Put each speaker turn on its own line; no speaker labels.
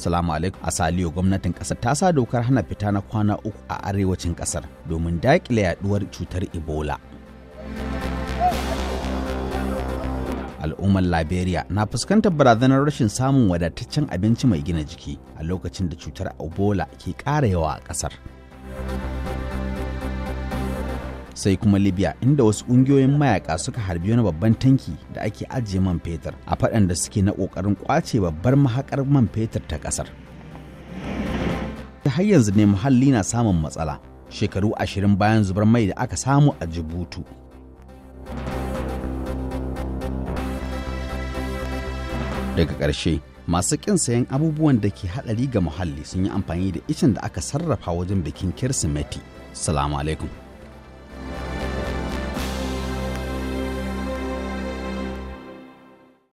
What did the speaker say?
Salamu alaikum a Saliyo gwamnatin ƙasar ta sa dokar hana fita na kwana uku a arewacin ƙasar domin daƙile Yaɗuwar cutar Ebola. al'ummar liberia na fuskantar barazanar rashin samun wadataccen abinci mai gina jiki a lokacin da cutar ebola ke ƙara yawa a ƙasar. sai kuma libya inda wasu ƙungiyoyin mayaka suka harbi wani babban tanki da ake ajiye man fetur a faɗan da suke na ƙoƙarin ƙwace babbar mahaƙar man fetur ta ƙasar har yanzu ne muhalli na samun matsala shekaru ashirin bayan zubar mai da aka samu a jibutu daga ƙarshe masu ƙin sayan abubuwan da ke haɗari ga muhalli sun yi amfani da icen da aka sarrafa wajen bikin kirsimeti salamu alaikum